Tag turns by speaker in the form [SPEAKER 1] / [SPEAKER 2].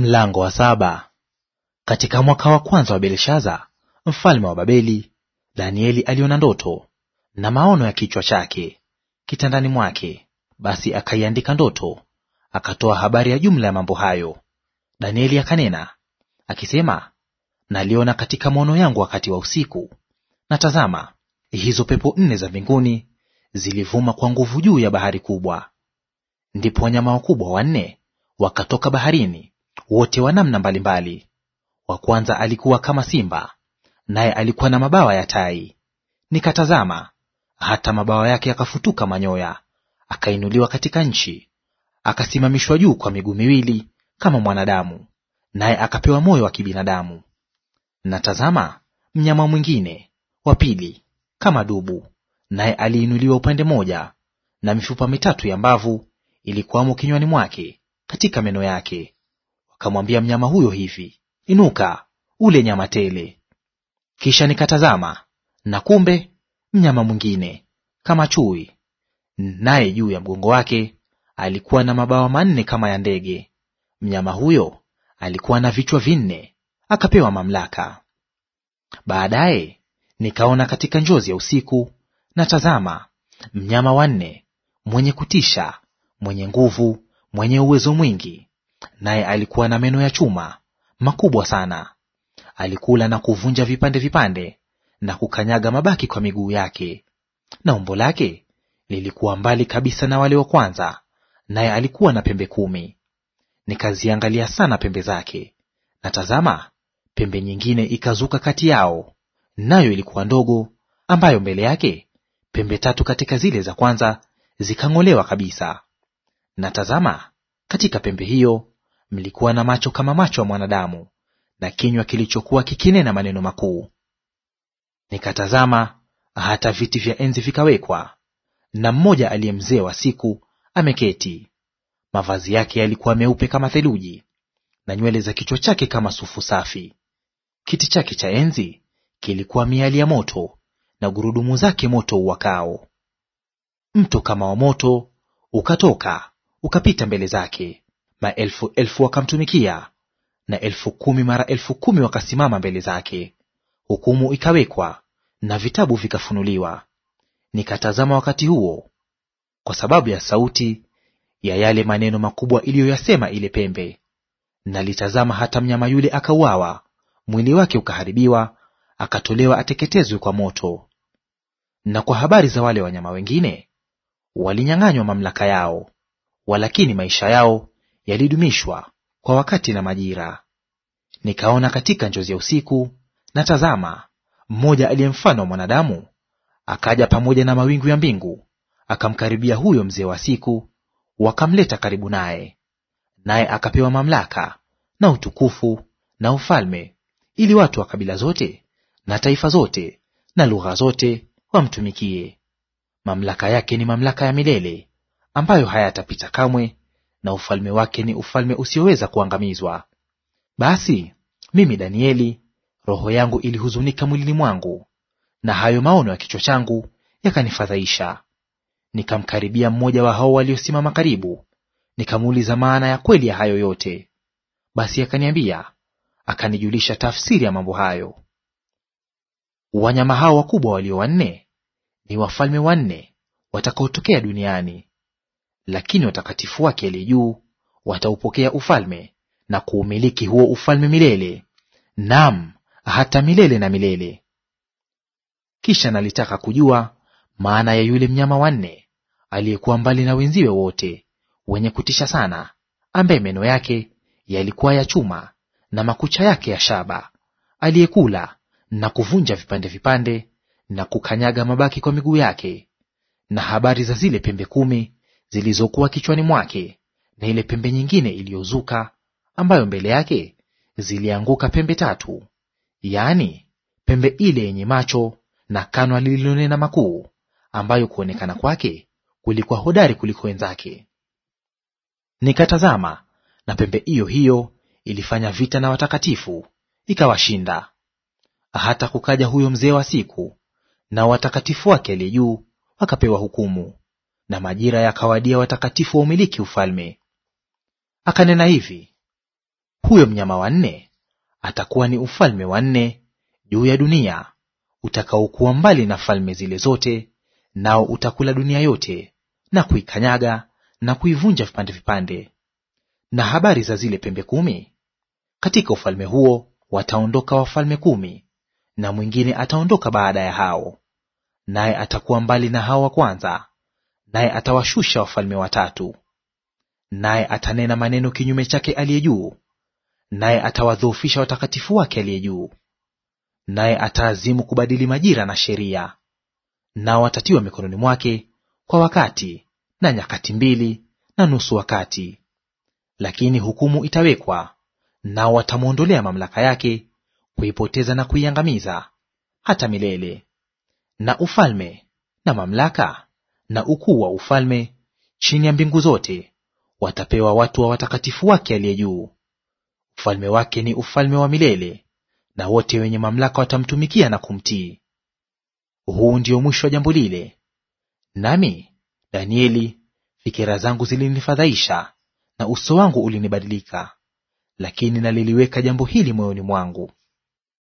[SPEAKER 1] Mlango wa saba. Katika mwaka wa kwanza wa Belshaza mfalme wa Babeli, Danieli aliona ndoto na maono ya kichwa chake kitandani mwake, basi akaiandika ndoto, akatoa habari ya jumla ya mambo hayo. Danieli akanena akisema, naliona katika maono yangu wakati wa usiku, na tazama, hizo pepo nne za mbinguni zilivuma kwa nguvu juu ya bahari kubwa. Ndipo wanyama wakubwa wanne wakatoka baharini wote wa namna mbalimbali. Wa kwanza alikuwa kama simba, naye alikuwa na mabawa ya tai. Nikatazama, hata mabawa yake yakafutuka manyoya, akainuliwa katika nchi, akasimamishwa juu kwa miguu miwili kama mwanadamu, naye akapewa moyo wa kibinadamu. natazama mnyama mwingine wa pili kama dubu, naye aliinuliwa upande moja, na mifupa mitatu ya mbavu ilikuwamo kinywani mwake katika meno yake, akamwambia mnyama huyo hivi, inuka ule nyama tele. Kisha nikatazama, na kumbe mnyama mwingine kama chui, naye juu ya mgongo wake alikuwa na mabawa manne kama ya ndege. Mnyama huyo alikuwa na vichwa vinne, akapewa mamlaka. Baadaye nikaona katika njozi ya usiku, na tazama, mnyama wanne mwenye kutisha, mwenye nguvu, mwenye uwezo mwingi Naye alikuwa na meno ya chuma makubwa sana; alikula na kuvunja vipande vipande na kukanyaga mabaki kwa miguu yake. Na umbo lake lilikuwa mbali kabisa na wale wa kwanza, naye alikuwa na pembe kumi. Nikaziangalia sana pembe zake, na tazama, pembe nyingine ikazuka kati yao, nayo ilikuwa ndogo, ambayo mbele yake pembe tatu katika zile za kwanza zikang'olewa kabisa. Na tazama, katika pembe hiyo mlikuwa na macho kama macho ya mwanadamu, na kinywa kilichokuwa kikinena maneno makuu. Nikatazama hata viti vya enzi vikawekwa, na mmoja aliye mzee wa siku ameketi. Mavazi yake yalikuwa meupe kama theluji, na nywele za kichwa chake kama sufu safi. Kiti chake cha enzi kilikuwa miali ya moto, na gurudumu zake moto uwakao. Mto kama wa moto ukatoka ukapita mbele zake, maelfu elfu wakamtumikia, na elfu kumi mara elfu kumi wakasimama mbele zake. Hukumu ikawekwa na vitabu vikafunuliwa. Nikatazama wakati huo, kwa sababu ya sauti ya yale maneno makubwa iliyoyasema ile pembe. Nalitazama hata mnyama yule akauawa, mwili wake ukaharibiwa, akatolewa ateketezwe kwa moto. Na kwa habari za wale wanyama wengine, walinyang'anywa mamlaka yao, walakini maisha yao yalidumishwa kwa wakati na majira. Nikaona katika njozi ya usiku, na tazama, mmoja aliye mfano wa mwanadamu akaja pamoja na mawingu ya mbingu, akamkaribia huyo mzee wa siku, wakamleta karibu naye. Naye akapewa mamlaka na utukufu na ufalme, ili watu wa kabila zote na taifa zote na lugha zote wamtumikie. Mamlaka yake ni mamlaka ya milele, ambayo hayatapita kamwe, na ufalme wake ni ufalme usioweza kuangamizwa. Basi mimi Danieli, roho yangu ilihuzunika mwilini mwangu, na hayo maono ya kichwa changu yakanifadhaisha. Nikamkaribia mmoja wa hao waliosimama karibu, nikamuuliza maana ya kweli ya hayo yote. Basi akaniambia, akanijulisha tafsiri ya mambo hayo. Wanyama hao wakubwa walio wanne ni wafalme wanne watakaotokea duniani lakini watakatifu wake aliye juu wataupokea ufalme na kuumiliki huo ufalme milele, nam hata milele na milele. Kisha nalitaka kujua maana ya yule mnyama wanne aliyekuwa mbali na wenziwe wote, wenye kutisha sana, ambaye meno yake yalikuwa ya chuma na makucha yake ya shaba, aliyekula na kuvunja vipande vipande na kukanyaga mabaki kwa miguu yake, na habari za zile pembe kumi zilizokuwa kichwani mwake na ile pembe nyingine iliyozuka ambayo mbele yake zilianguka pembe tatu, yaani pembe ile yenye macho na kanwa lililonena makuu, ambayo kuonekana kwake kulikuwa hodari kuliko wenzake. Nikatazama, na pembe hiyo hiyo ilifanya vita na watakatifu ikawashinda. Hata kukaja huyo mzee wa siku, nao watakatifu wake aliye juu wakapewa hukumu na majira yakawadia watakatifu wa umiliki ufalme. Akanena hivi, huyo mnyama wa nne atakuwa ni ufalme wa nne juu ya dunia utakaokuwa mbali na falme zile zote, nao utakula dunia yote na kuikanyaga na kuivunja vipande vipande. Na habari za zile pembe kumi, katika ufalme huo wataondoka wafalme kumi, na mwingine ataondoka baada ya hao, naye atakuwa mbali na hao wa kwanza, naye atawashusha wafalme watatu. Naye atanena maneno kinyume chake aliye juu, naye atawadhoofisha watakatifu wake aliye juu. Naye ataazimu kubadili majira na sheria, nao watatiwa mikononi mwake kwa wakati na nyakati mbili na nusu wakati. Lakini hukumu itawekwa, nao watamwondolea mamlaka yake, kuipoteza na kuiangamiza hata milele. Na ufalme na mamlaka na ukuu wa ufalme chini ya mbingu zote watapewa watu wa watakatifu wake aliye juu. Ufalme wake ni ufalme wa milele, na wote wenye mamlaka watamtumikia na kumtii. Huu ndio mwisho wa jambo lile. Nami Danieli, fikira zangu zilinifadhaisha na uso wangu ulinibadilika, lakini naliliweka jambo hili moyoni mwangu.